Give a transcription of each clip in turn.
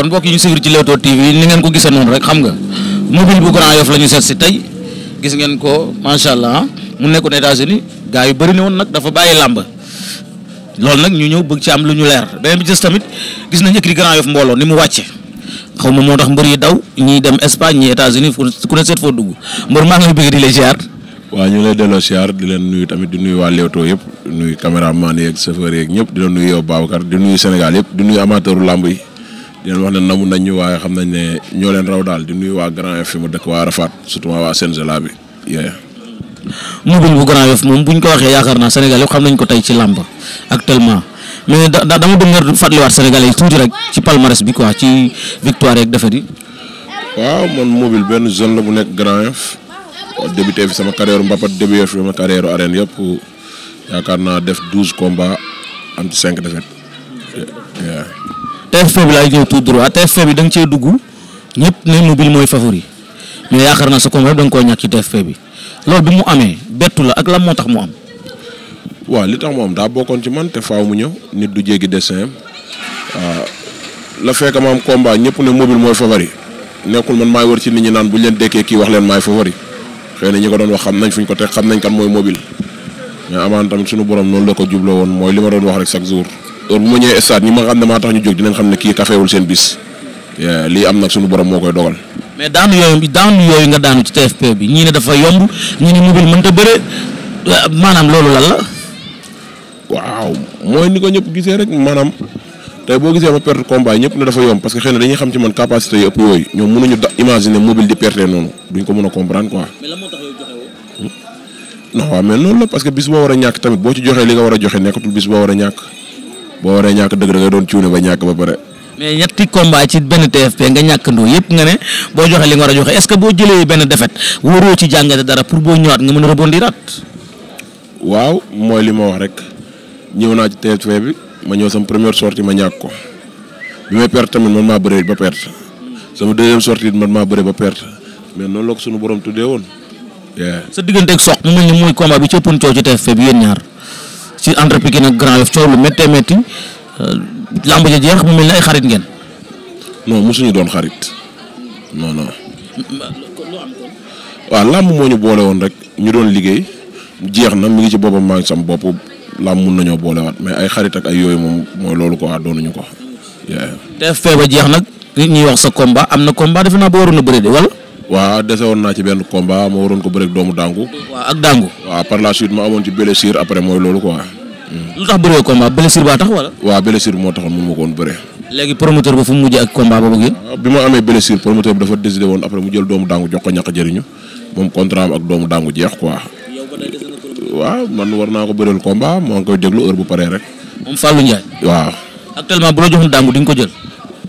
kon mbokk yi ñu suivre ci Leewtoo TV ni ngeen ko gisee noonu rek xam nga mobile bu Grand Yoff la ñu seet si tey gis ngeen ko macha allah mu nekkoon États-Unis gars yu bari ne woon nag dafa bàyyi làmb loolu nag ñu ñëw bëgg ci am lu ñu leer beneen bi gis tamit gis nañ écurie Grand Yoff mbooloo ni mu wàcce xaw ma moo tax mbër yi daw ñuy dem Espagne ñii États-Unis ku ne seet foo dugg mbër maa ngi lay di lay ziar. ñu ngi lay delloo siyaar di leen nuyu tamit di nuyu waa Leewtoo yëpp nuyu caméraman ñëpp di la nuyu yow Babacar di nuyu Sénégal yëpp di nuyu yi di leen wax ne namu nañ waaye xam nañ ne ñoo leen raw daal di nuyu waa Grand Yoff fi mu dëkk waa Rafaat surtout waa Senzala bi. mobile bu Grand Yoff moom bu ko waxee yaakaar naa Sénégal yëpp xam nañ ko tey ci làmb actuellement mais da dama bëgg nga fàttaliwaat Sénégal yi tuuti rek ci palmarès bi ko ci victoire yeeg défaite yi. waaw man mobile benn zone la bu nekk Grand Yoff débuté fi sama carrière mbapat débuté fi sama carrière arène yëpp yaakaar naa def douze combats am ci cinq défaites. TFP bi laay ñëw tout droit ah, TFP bi da nga cee dugg ñëpp ne mobile mooy favori mais yaakaar na sa combat da danga koy ñàkk ci TFP bi loolu bi mu amee bettu la ak lan moo tax mu am. waaw li tax mu am daa bokkoon ci man te faaw mu ñëw nit du jéggi dessin ah, la fekk ma am combat ñëpp ne mobile mooy favori nekkul man maay wër ci nit ñi naan bu ñu leen dekkee kii wax leen maay favori xëy ñi ko doon wax xam nañ fu ko teg xam nañ kan mooy mobile mais amaan tamit suñu borom noonu la ko jubloo woon mooy li ma doon wax rek chaque jour. heure bu ma ñëwee stade ñi ma xam ne moo koy dogal. mais daanu yooyu daanu yooyu nga daanu ci TFP ne dafa yomb ñii ne mobile maanaam loolu lan la. waaw mooy ni ko ñëpp gisee rek maanaam tey boo gisee ma perte combat ñëpp ne dafa yomb que xëy xam ci a comprendre quoi. mais lan moo tax yow joxe woo. Hmm? parce que bis boo war a ñàkk tamit boo ci joxee li nga war a joxe nekkatul bis boo war a ñàkk. boo waree ñàkk dëgg da nga doon cuune ba ñàkk ba pare. mais ñetti combat ci benn TFP nga ñàkkandoo yëpp nga ne boo joxe li nga war a joxe est que boo jëlee benn défaite waroo ci jàngate dara pour boo ñëwaat nga mën a waaw mooy li ma wax rek ñëw naa ci TFP bi ma ñëw sama première sortie ma ñàkk ko bi may perte tamit man maa bëree ba perte sama deuxième sortie man maa bëree ba perte mais noonu la ko sunu borom tuddee woon. sa digganteeg soq mu mel ni muy combat bi cëppoon coow ci TFP bi yéen ñaar. ci entre Pikine ak Grand Yoff coow lu méttee métti euh, lamb jeex mu mel ne ay xarit ngeen. non mosuñu doon xarit non non. waaw làmb moo ñu boole woon rek ñu doon liggéey jeex na mu ngi ci boppam maa ngi sam bopp làmb mun nañoo boolewaat mais ay xarit ak ay yooyu moom mooy loolu ko waa doonuñu ko. TFP ba jeex nag ñu ñuy wax sa combat am na combat defe naa ba waroon a bëri de wala. waaw dese woon naa ci benn combat ma waroon ko bëreeg doomu dàngu. ak dàngu. waaw par la suite ma amoon ci blessure après mooy loolu quoi. Hmm. lu tax bëree combat blessure baa tax wala. waaw blessure bi moo taxoon mu ma ko woon bëree. léegi promoteur ba fu mu ah, amee blessure promoteur bi dafa décidé woon après mu jël doomu dàngu jox ko ñàkk jëriñu moom contrat am ak doomu dàngu jeex quoi. waaw man war naa ko bëreel combat maa ngi koy déglu heure bu paree rek. moom Fallou Ndiaye. waaw. actuellement bu la joxoon dàngu di nga ko jël.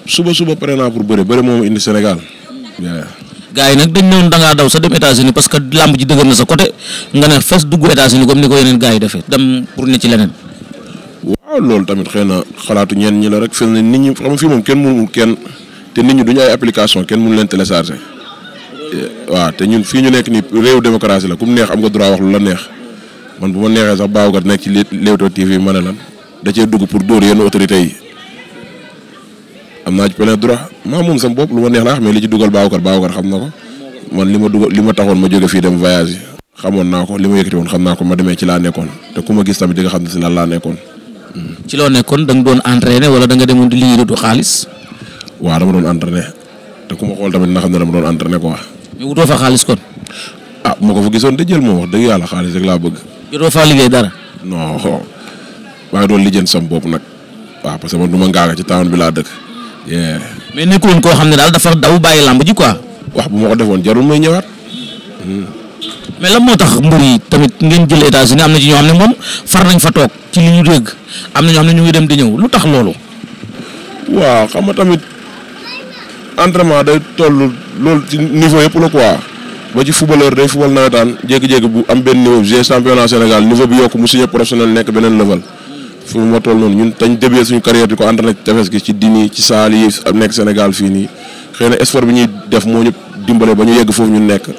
suba suba pare naa pour bëre bëre moom indi Sénégal. gars yi nag dañ ne woon da ngaa daw sa dem États-Unis parce que làmb ji dëgër na sa côté nga ne fes dugg États-Unis comme ni ko yeneen gars yi defee dem pour ne ci leneen. waaw loolu tamit xëy na xalaatu ñeen ñi la rek fii nit ñi xam nga fii moom kenn mënu kenn te nit ñi duñu ay application kenn mënu leen télécharger waaw te ñun fii ñu nekk nii réew démocratie la ku neex am nga droit lu la neex man bu ma neexee sax baaw gat nekk ci Leewtoo TV ma ne lan da cee dugg pour dóor yenn autorité yi. am naa maa moom sama bopp lu ma neex laa xam li ci dugal Babacar Babacar xam na ko man li ma dugal li ma taxoon ma jóge fii dem voyage yi xamoon naa ko li ma yëkkati woon xam naa ko ma demee ci laa nekkoon te ku ma gis tamit di nga xam ne si lan laa hmm. loo nekkoon da nga doon entraîné wala da demoon di liggéey du xaalis. waaw dama doon entraîné te ku ma xool tamit na xam ne dama doon entraîné quoi. mais wutoo fa xaalis kon. ah bu ma ko fa gisoon de jël moom wax dëgg yàlla xaalis rek laa bëgg. jotoo oo liggéey dara. non waaye doon lijjanti sama bopp nag waaw parce que man du ma ngaaga ci town bi laa dëkk mais nekkuloon koo xam ne daal dafa daw bàyyi làmb ji quoi. wax bu ma ko defoon jarul may ñëwaat. mais la moo tax mbir yi tamit ngeen jël États-Unis am na ci ñoo xam ne moom far nañ fa toog ci li ñu dégg am na ñoo xam ne ñu ngi dem di ñëw lu tax loolu. waa xam nga tamit entraînement day toll loolu ci niveau yëpp la quoi ba ci footballeur day football nawetaan jékki-jékki bu am benn niveau bu championnat Sénégal niveau bi yokk mu signé professionnel nekk fu mu toll noonu ñun tañ début suñu carrière di ko entraîné ci tefes gi ci dini ci saal nekk Sénégal fii nii xëy na sport bi ñuy def moo ñu dimbale ba ñu yegg foofu ñu nekk.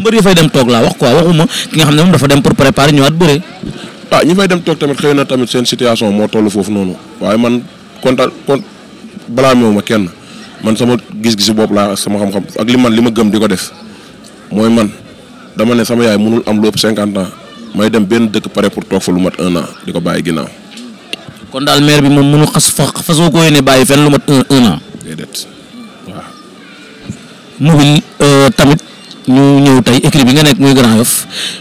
mbër yi fay dem toog laa wax quoi waxuma ki nga xam ne moom dafa dem pour préparer ñëwaat bëre. ah ñi fay dem toog tamit xëy na tamit seen situation moo toll foofu noonu waaye man kontaan kon blâme ma kenn man sama gis-gisu bopp laa sama xam-xam ak li man li ma gëm di ko def mooy man dama ne sama yaay mënul am lu ëpp cinquante ans dem benn dëkk pare pour toog lu mat un an ko bàyyi ginnaaw. kon daal maire bi moom mënu xas fa fasoo ko yéene bàyyi fenn lu mat un an. mobile euh, tamit ñu ñëw tey écrit bi nga nekk muy Grand Yoff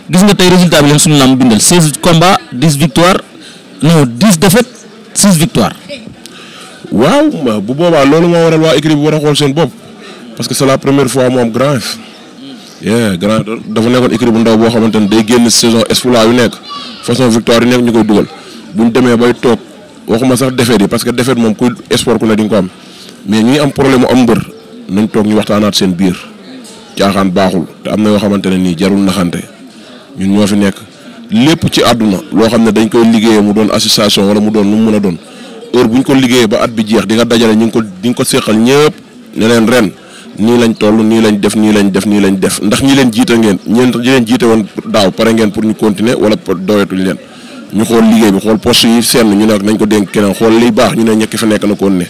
gis nga tey résultat bi leen suñu lamb bindal seize combats dix victoire non dix défaites six victoire. waaw bu boobaa loolu moo waral waa écrit bi war a xool seen bopp parce que c'est la première fois moom Grand Yoff. yeah Grand dafa nekkoon écrit bu ndaw boo xamante ne day génn saison exploit yu nekk façon victoire yu nekk ñu koy dugal buñ demee bay toog. waxuma sax defet yi parce que defeet moom kuy sport ku ne di nga ko am mais ñu ñi am problème mu am mbër nañ toog ñu waxtaanaat seen biir caaxaan baaxul te am na yoo xamante ne nii jarul naxante ñu ñoo fi nekk lépp ci àdduna loo xam ne dañ koy liggéeyee mu doon association wala mu doon lu mu mën a doon heure bu ñu ko liggéeyee ba at bi jeex di nga dajale ñu ngi ko di nga ko seqal ñëpp leen ren nii lañ toll nii lañ def nii lañ def nii lañ def ndax ñi leen jiite ngeen ñeent ñi jiite woon daaw pare ngeen pour ñu continuer wala doyatuñ leen. ñu xool liggéey bi xool poste yi sell ñu ne nañ ko dénk keneen xool liy baax ñu ne ñekk fa nekk na ko ne.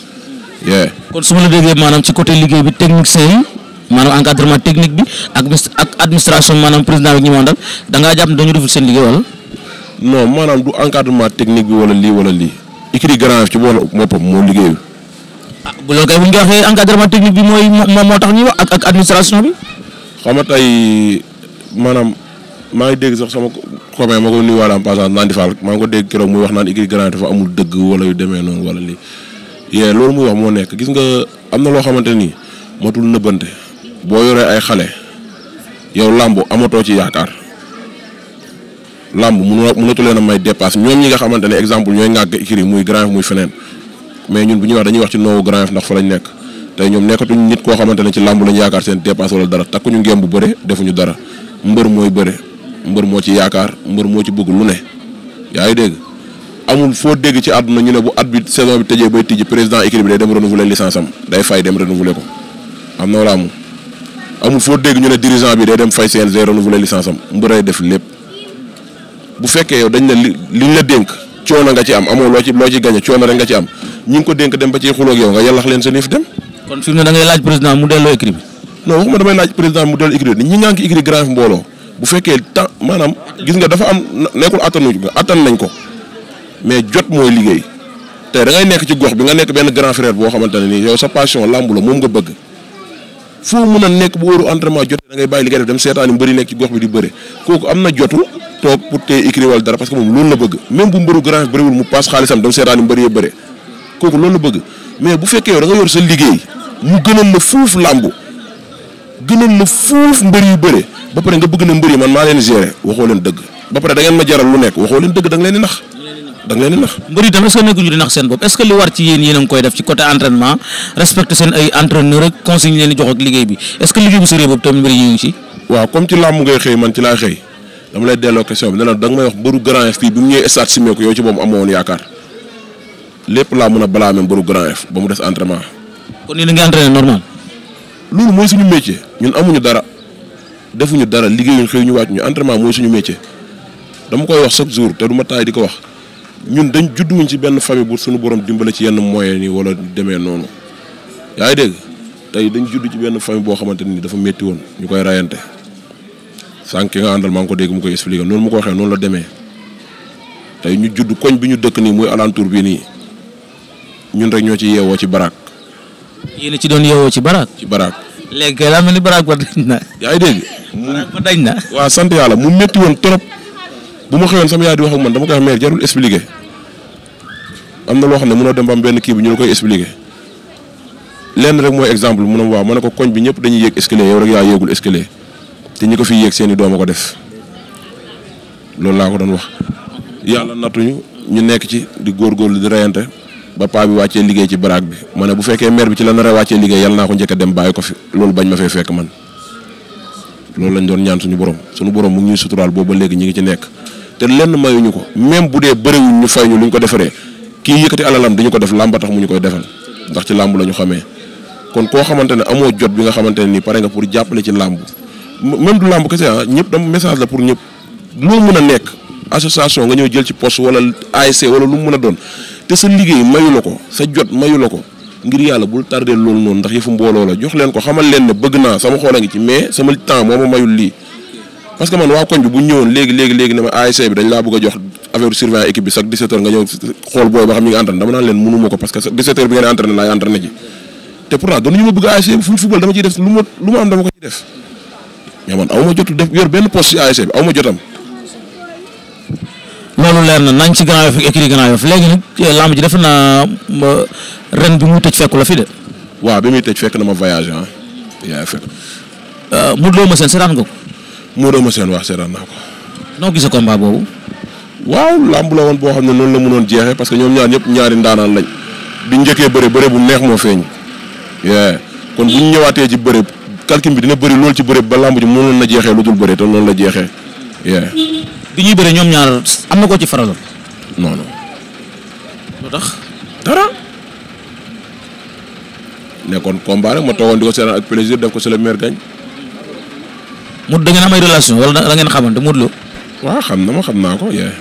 kon su ma la déggee maanaam ci côté liggéey bi technicien yi maanaam encadrement technique bi ak ak administration maanaam président ñi ma dal da ngaa jàpp dañu deful seen liggéey wala. non maanaam du encadrement technique bi wala lii wala lii. écrit grand ci boole boppam moo liggéey. ah bu loolu kay bu ñu waxee encadrement technique bi mooy moo tax ñuy wax ak ak administration bi. xam nga tey maanaam maa ngi dégg sax sama Copain ma ko nuyuwaale en passant naan di faal maa ngi ko dégg keroog muy wax naan Igri Grand dafa amul dëgg wala yu demee noonu wala lii yee loolu muy wax moo nekk gis nga am na loo xamante ni matul nëbbante boo yoree ay xale yow làmb amatoo ci yaakaar làmb mun mënatu leen a may dépasse ñoom ñi nga xamante ne exemple ñooy ŋàgg Igri muy Grand muy feneen mais ñun bu ñuy wax dañuy wax ci noowu Grand ndax fa lañ nekk te ñoom nekkatuñ nit koo xamante ne ci làmb lañ yaakaar seen dépasse wala dara takkuñu ngéem bu bëre defuñu dara mbër mooy bëre. mbër moo ci yaakaar mbër moo ci bëgg lu ne yaa ngi dégg amul foo dégg ci àdduna ñu ne bu at bi saison bi tëjee bay tijji président équipe bi day dem renouveler licence am day fay dem renouveler ko am na wala amul amul foo dégg ñu ne dirigeant bi day dem fay CNG renouveler licence am mbëray def lépp bu fekkee yow dañ ne li liñ la dénk coono nga ci am amoo loo ci loo ci rek nga ci am ñi ngi ko dénk dem ba ciy xulóog yow nga yàllax leen seen yëf dem. kon fi mu ne da ngay laaj bu fekkee temps maanaam gis nga dafa am nekkul attanu nga attan nañ ko mais jot mooy liggéey tey da ngay nekk ci gox bi nga nekk benn grand frère boo xamante ne nii yow sa passion làmb la moom nga bëgg foo mën a nekk bu wóoru entraînement jot da ngay bàyyi liggéey def dem seetaan yi mbëri nekk ci gox bi di bëre kooku am na jotu toog pour tey écrit dara parce que moom loolu na bëgg même bu mbëru grand bëriwul mu paas xaalisam dem seetaan yi mbëri bëgg mais bu fekkee yow da nga yor sa liggéey mu gënoon na fuuf làmb gënal la fuuf mbër yu bëre ba pare nga bëgg na mbër yi man maa leen gérer waxoo leen dëgg ba pare da ngeen ma jaral lu nekk waxoo leen dëgg da nga leen di nax da nga leen di nax mbër yi a ngi laa xëy dama lay delloo question bi ne mbëru Grand Yoff bi mu ñëwee stade simee ko yow ci moom amoon yaakaar lépp laa mën a blâmer mbëru Grand Yoff ba mu des entraînement kon ni la nga normal loolu mooy suñu métier ñun amuñu dara defuñu dara liggéeyuñ xëy ñu wàcc ñu entrement mooy suñu métier dama koy wax chaque jour te du ma taay di ko wax ñun dañ judduwuñ ci benn famille bu suñu borom dimbale ci yenn moyen yi wala demee noonu yaa ngi dégg tey dañ judd ci benn famille boo xamante ni dafa métti woon ñu koy rayante sànq ki nga àndal maa ngi ko dégg mu koy expliqué noonu mu ko waxee noonu la demee tey ñu judd koñ bi ñu dëkk nii muy alentour bii nii ñun rek ñoo ci yeewoo ci baraak. yéen ci doon yeewoo ci baraak. ci baraak léegi kay daa mel ni baraag ba na. yaa ngi dégg. baraag ba dañ na. waaw sant yàlla mu métti woon trop bu ma xëyoon sama yaay di wax man dama koy wax jarul expliqué am na loo xam ne mënoo dem ba am benn kii bi ñu la koy expliqué lenn rek mooy exemple mu ne waaw ma ne ko koñ bi ñëpp dañuy yéeg escalier yow rek yaa yéegul escalier te ñu ko fi yéeg seeni dooma ko def loolu laa ko doon wax yàlla nattuñu ñu nekk ci di lu di reyante. ba paa bi wàccee liggéey ci baraag bi ma ne bu fekkee maire bi ci la nar a wàccee liggéey yàlla naa ko njëkk a dem bàyyi ko fi loolu bañ ma fay fekk man loolu lañ doon ñaan suñu borom suñu borom mu ngi suturaal boobu ba léegi ñu ngi ci nekk te lenn mayuñu ko même bu dee bëriwuñ ñu fay ñu luñ ko defaree kii yëkkati alalam dañu ko def làmba tax mu ñu koy defal ndax ci làmb la ñu xamee kon koo xamante ne amoo jot bi nga xamante ne nii pare nga pour jàppale ci làmb même làmb kese ah ñëpp dama message la pour ñëpp loo mën a nekk association nga ñëw jël ci poste wala ASC wala lu mu mën a doon te sa liggéey mayu la ko sa jot mayu la ko ngir yàlla bul tardé loolu noonu ndax yëfu mbooloo la jox leen ko xamal leen ne bëgg naa sama xool a ngi ci mais sama temps moo ma ñëwoon léegi léegi léegi ne ma a jox affaire surveillant équipe bi nga xool booy ba xam ñi nga entraîné dama naan leen mënuma ko parce que 17 heures bi ngeen entraîné laay entraîné ji te pourtant man aw ma jotu def yor benn poste ci ASC bi aw ma jotam loolu leer na nañ ci Grand Yoff écurie Grand léegi nag eh, lamb ji defe naa ren bi muy tëj fekku la fi de. waaw bi muy tëj fekk na ma voyage ah. yaa fekk. Euh, Modou Lo ma seen seetaan ko. Modou Lo ma seen waaw seetaan naa ko. noo gisee combat boobu. waaw lamb la woon boo xam ne noonu la mënoon jeexee parce que ñoom ñaar ñëpp ñaari ndaanaan lañ. bi njëkkee bëre bëre bu neex moo feeñ. kon bu ñu ñëwaatee ci bëre calcul bi dina bari lool ci bëre ba lamb ji mënoon na jeexee lu dul bëre te noonu la jeexee. bi ñuy bëre ñoom ñaar am na ko ci faraloon. non non. tax. dara. nekkoon combat rek ma toogoon di ko seetaan ak plaisir def ko si le maire gañ. mu da ngeen relation wala da ngeen xamante Modou Lo. waaw xam na ma xam naa ko yee.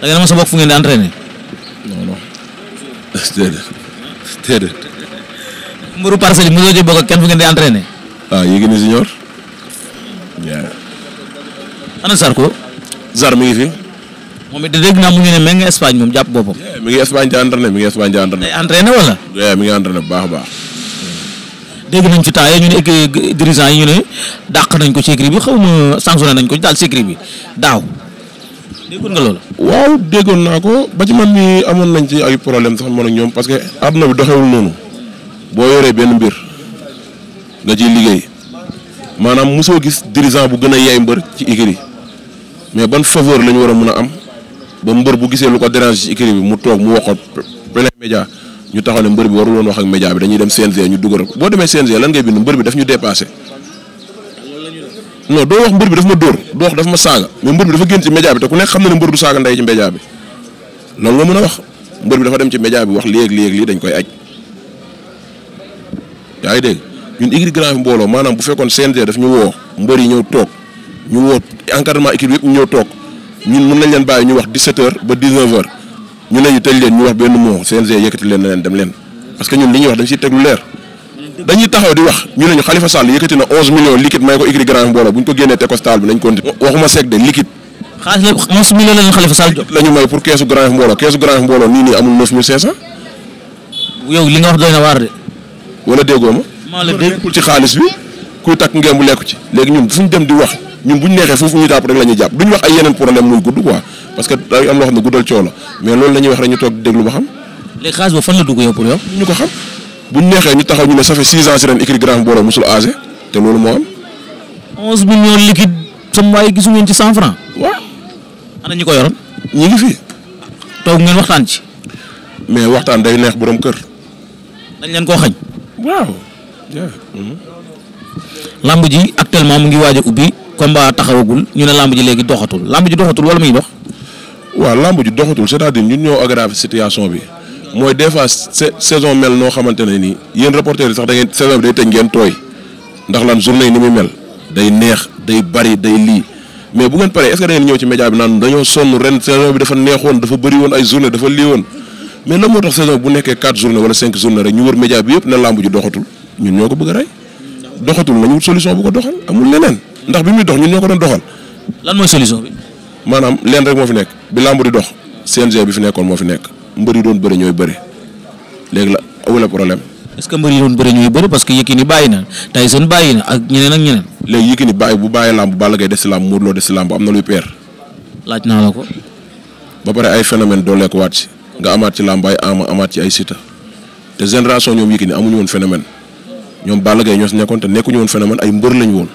da ngeen ma sa bokk fu ngeen di entraîné. non yéegi ni si ana Zarko. Zar mi ngi fi. moom it dégg naa mu ngi ne mais nga Espagne moom jàpp boppam. Eh, mi ngi Espagne di entraîné mi ngi Espagne di entraîné. day entraîné wala. Eh, ngi entraîné bu baax baax. dégg nañ ci temps yii ñu ne dirigeant yi ñu ne dàq nañ ko ci écurie bi xaw ma sanctionné nañ ko daal ci écurie bi daaw. déggoon nga loolu. waaw déggoon naa ko ba ci man mi amoon nañ ci ay problème sax man ak ñoom parce que àdduna bi doxewul noonu. boo yoree benn mbir nga ciy liggéey maanaam mosoo gis dirigeant bu gën a yaay mbër ci écurie mais ban favour la ñu war a mën a am ba mbër bu gisee lu ko dérange ci écurie bi mu toog mu wax ko plein média ñu taxaw ne mbër bi warul woon wax ak média bi dañuy dem CNG ñu dugal boo demee CNG lan ngay bind mbër bi daf ñu dépassé non doo wax mbër bi daf ma dóor doo daf ma saaga mais mbër dafa génn ci média bi te ku xam na ne mbër du saaga ndey ci loolu nga mën a wax mbër bi dafa dem ci média bi wax lii ak lii ak lii dañ koy aj yaa ngi dégg ñun écurie Grand Yoff mbooloo maanaam bu fekkoon CNG daf ñu woo mbër yi ñëw toog ñu woo encadrement équipe yëpp ñu ñëw toog ñun mun nañ leen bàyyi ñu wax 17h ba 19 ñu ne ñu tëj leen ñu wax benn mot CNG yëkkati leen na leen dem leen parce que ñun li ñuy wax dañ siy teg wax ñu ne ñu Khalifa Sall yëkkati na 11 millions liquide may ko écrit grand mbooloo bu ñu ko génnee teg ko bi nañ ko waxuma seeg de liquide. xaalis lépp may pour keesu grand mbooloo keesu grand mbooloo nii nii amul 9500. yow li nga wax doy na waar de. wala déggoo ma. maa ci xaalis bi kuy takk ngeen bu lekku ci léegi ñun fu ñu dem di wax ñun bu ñu neexee suuf ñu jàpp rek la ñuy jàpp duñ wax ay yeneen problème muy gudd quoi parce que day am loo xam ne guddal coow la mais loolu la ñuy wax rek ñu toog ba xam. léegi xaalis boobu fan ko xam si ren moo am. gisu ngeen ci cent franc. waaw. ana fi. toog ngeen waxtaan ci. mais waxtaan day neex borom kër. dañ leen koo xañ. waaw. Mhm. lamb ji actuellement mu ngi waaj a ubbi. combat taxawagul ñu ne lamb ji léegi doxatul lamb ji doxatul wala muy dox. waaw lamb ji doxatul c'est-à-dire ñun ñoo aggravé situation bi mooy des fois saison mel noo xamante ne nii yéen reporters yi sax da ngeen saison bi day tooy ndax lan journée yi mel day neex day bari day lii mais bu ngeen paree est-ce que da ngeen ñëw ci média bi ren saison bi dafa neexoon dafa bëri woon ay journée dafa lii woon mais lan tax saison bu nekkee quatre journée wala cinq journée rek ñu wër média bi yëpp ne lamb ji doxatul ñun ñoo ko bëgg a rey doxatul nañu solution bu ko doxal amul leneen. ndax bi muy dox ñu ñoo ko doon doxal. lan mooy solution bi. maanaam leen rek moo fi nekk bi làmb di dox CNG bi fi nekkoon moo fi nekk mbër yi doon bëri ñooy bëri léegi la awule problème. est-ce que mbër yi doon bëri ñooy bëri parce que bàyyi na Tyson bàyyi na ak ñeneen ak ñeneen. léegi Yékini bàyyi bu bàyyi làmb Balla Gaye des si làmb Modou Lo des am na luy peer. laaj naa la ko. ba pare ay phénomène doolee ko waat ci nga amaat ci làmb ay ama ci ay sita te génération ñoom Yékini amuñu woon phénomène ñoom Balla Gaye ñoo te nekkuñu woon phénomène ay mbër lañu woon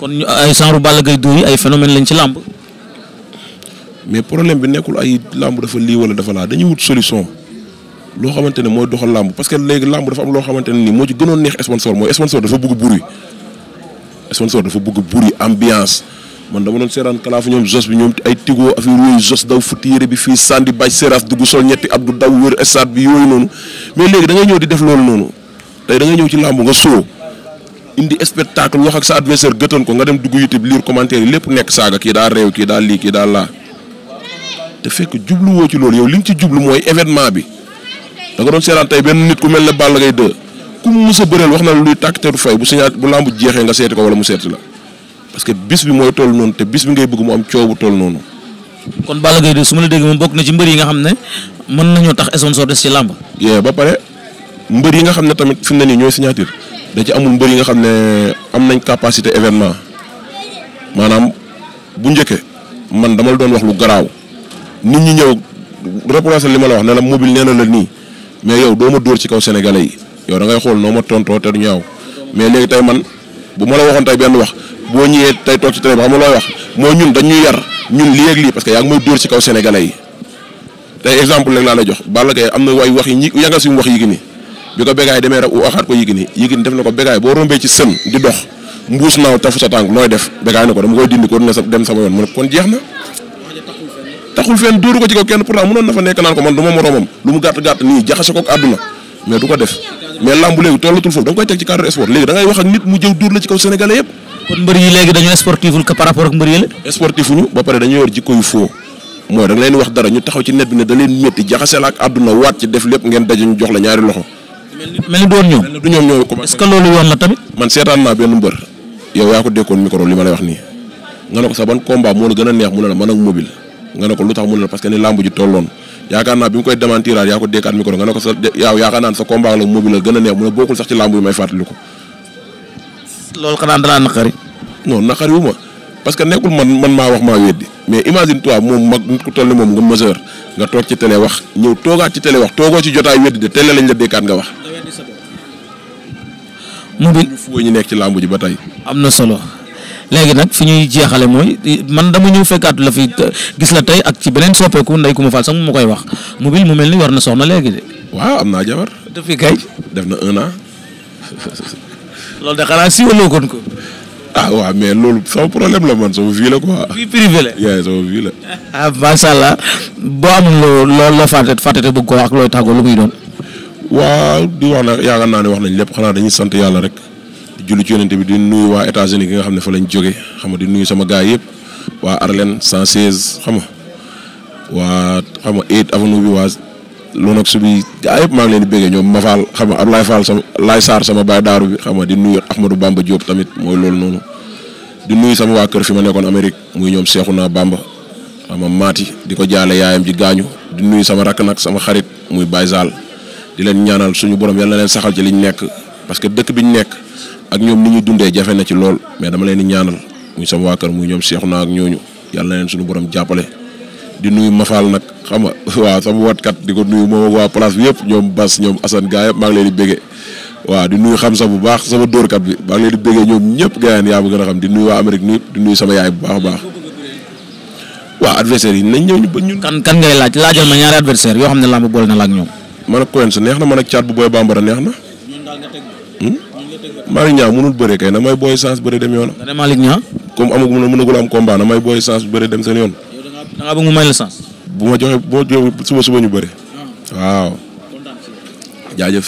kon ñu ay genre Balla Gaye dóor yi ay phénomène lañ ci làmb. mais problème bi nekkul ay làmb dafa lii wala dafa laa dañuy wut solution loo xamante ne mooy doxa làmb parce que léegi làmb dafa am loo xamante ne nii moo ci gënoon neex sponsor mooy sponsor dafa bëgg bruit sponsor dafa bëgg bruit ambiance man dama doon seeraan kalaafu ñoom jos bi ñoom ay tigoo affaire yooyu jos daw futti yére bi fii sandi baj séeraas dugg sol ñetti abdu daw wër stade bi yooyu noonu mais léegi dangay ñëw di def loolu noonu tey da ngay ñëw ci làmb nga soo indi spectacle wax ak sa adversaire gëtoon ko nga dem dugg YouTube lire commentaire yi lépp nekk saaga kii daa réew kii daa lii kii daa laa te fekk jubluwoo ci loolu yow li ci jublu mooy événement bi da nga doon seetaan tey benn nit ku mel ne Balla Gaye 2 ku mu mës a bëreel wax na luy tàkk te du fay bu signaat bu lambu jeexee nga seeti ko wala mu seeti la parce que bis bi mooy toll noonu te bis bi ngay bëgg mu am coow bu toll noonu. kon Balla Gaye 2 su ma la dégg yi nga xam ne mën nañoo tax sponsor des ba pare yi nga xam ne tamit fi mu ne nii da ci amul mbër yi nga xam ne am nañ capacité événement maanaam bu njëkke man dama doon wax lu garaaw nit ñi ñëw reprocé li ma la wax ne la mobile nee na la nii mais yow doo ma dóor ci kaw sénégalais yi yow da ngay xool noo ma tontoo te du ñaaw mais léegi tey man bu ma la waxoon tey benn wax boo ñëwee tey toog ci télé bi moo ñun dañuy yar ñun lii ak lii parce que yaa ngi may dóor ci kaw sénégalais yi tey exemple rek laa lay jox bala Gaye am na way wax yi ñu yanga si mu wax yi gi nii bi ko bégaay demee rab u waxaat ko Yékini ne kon jaxase ko ak àdduna mais du ko def mais làmb léegi tollatul foofu da nga koy teg ci cadre sport léegi da ngay wax ak nit mu jëw dóor la ci kaw sénégalais yëpp mbër yi léegi dañu sportiful que par rapport ak mbër yi la sportif ba pare dañu yor jikko yu foo mooy da leen wax dara ñu taxaw ci net bi ne da jaxase la ak àdduna waat ci def lépp ngeen daje ñu jox la ñaari loxo mel ni doon ñëw mel ni ñoom ñoo commencé. loolu yoon la tamit. man seetaan naa benn mbër. yaa ko dékkoon micro li ma lay wax nii. nga ne ko sax ban combat moo la gën a neex mu ne la ko mu ne la parce que ni làmb ji tolloon yaakaar naa bi mu koy démentiraat yaa ko dékkaat micro nga naa sa combat la mobile la gën a sax ci làmb yi may fàttali loolu xanaa danaa naqari. non naqari wu ma parce que nekkul man man maa wax maa weddi mais imagine toi moom mag nit ku toll ni moom nga majeur nga toog ci télé wax ñëw toogaat ci télé wax toogoo ci jotaay weddi de télé lañ la dékkaat nga wax. mu bi ñu fugoo ñu nekk ji ba tey. am na solo léegi nag fi ñuy jeexale mooy man dama ñëw fekkaatu la fi gis la tey ak ci beneen soppeeku ndey ku ma faal sax mu koy wax mu bi mu mel ni war na soxna léegi de. waaw am naa jabar. daf fi kay def na un an. loolu de xanaa siiwaloo kon ko. ah waaw mais loolu sama problème la man sama vie la quoi. vie privée la. yaa sama vie la. Ah, boo amul loolu loolu la fàtte fàtte te bëgg ko ak looy tàggoo lu muy doon. waaw di wax na yaakaar naa ne wax nañ lépp xanaa dañuy sant yàlla rek di julli ci yonente bi di nuyu waa États-Unis gi nga xam ne fa lañ jóge xam nga di nuyu sama gars yëpp waa Arlen 116 xam nga waa xam nga 8 avenue waa. loolu nag suñuy ay yëpp maa ngi leen di béggee ñoom ma faal xam nga Ablaye Fall sama sama baay daaru bi xam nga di nuyu Ahmadou Bamba jóob tamit mooy loolu noonu di nuyu sama waa kër fi ma nekkoon Amérique muy ñoom Seexuna Bamba xam nga maati di ko jaale yaayam ji gaañu di nuyu sama rakk nag sama xarit muy Baye di leen ñaanal suñu borom yal na leen saxal ci liñ nekk parce que dëkk biñ nekk ak ñoom ni ñuy dundee jafe na ci lool mais dama leen di ñaanal muy sama waa kër muy ñoom Seexuna ak ñooñu yàlla na leen suñu borom jàppale di nuyu Mafal nag xam nga waaw sama watkat di ko nuyu moom ak waa place bi yëpp ñoom Bas ñoom Assane gaa yëpp maa ngi leen di bége waaw di nuyu xam sax bu baax sama dóorkat bi maa ngi leen di bége ñoom ñëpp gaa yaa ma xam di nuyu waa Amérique nuyu di nuyu sama yaay bu baax a baax. waaw adversaire yi nañ ñëw ñu ba ñun. kan kan ngay laaj laajal ma ñaari adversaire yoo xam ne làmb boole na la ak ñoom. man ak Coen neex na man ak caat bu booy bambara neex na. Hmm? Malick Niang mënul bëre kay na may booy chance bëre dem yoon. Malick dem seen da ngaa bëgg mu may bu ma joxee boo joxee suba suba ñu bëri. Ah. waaw.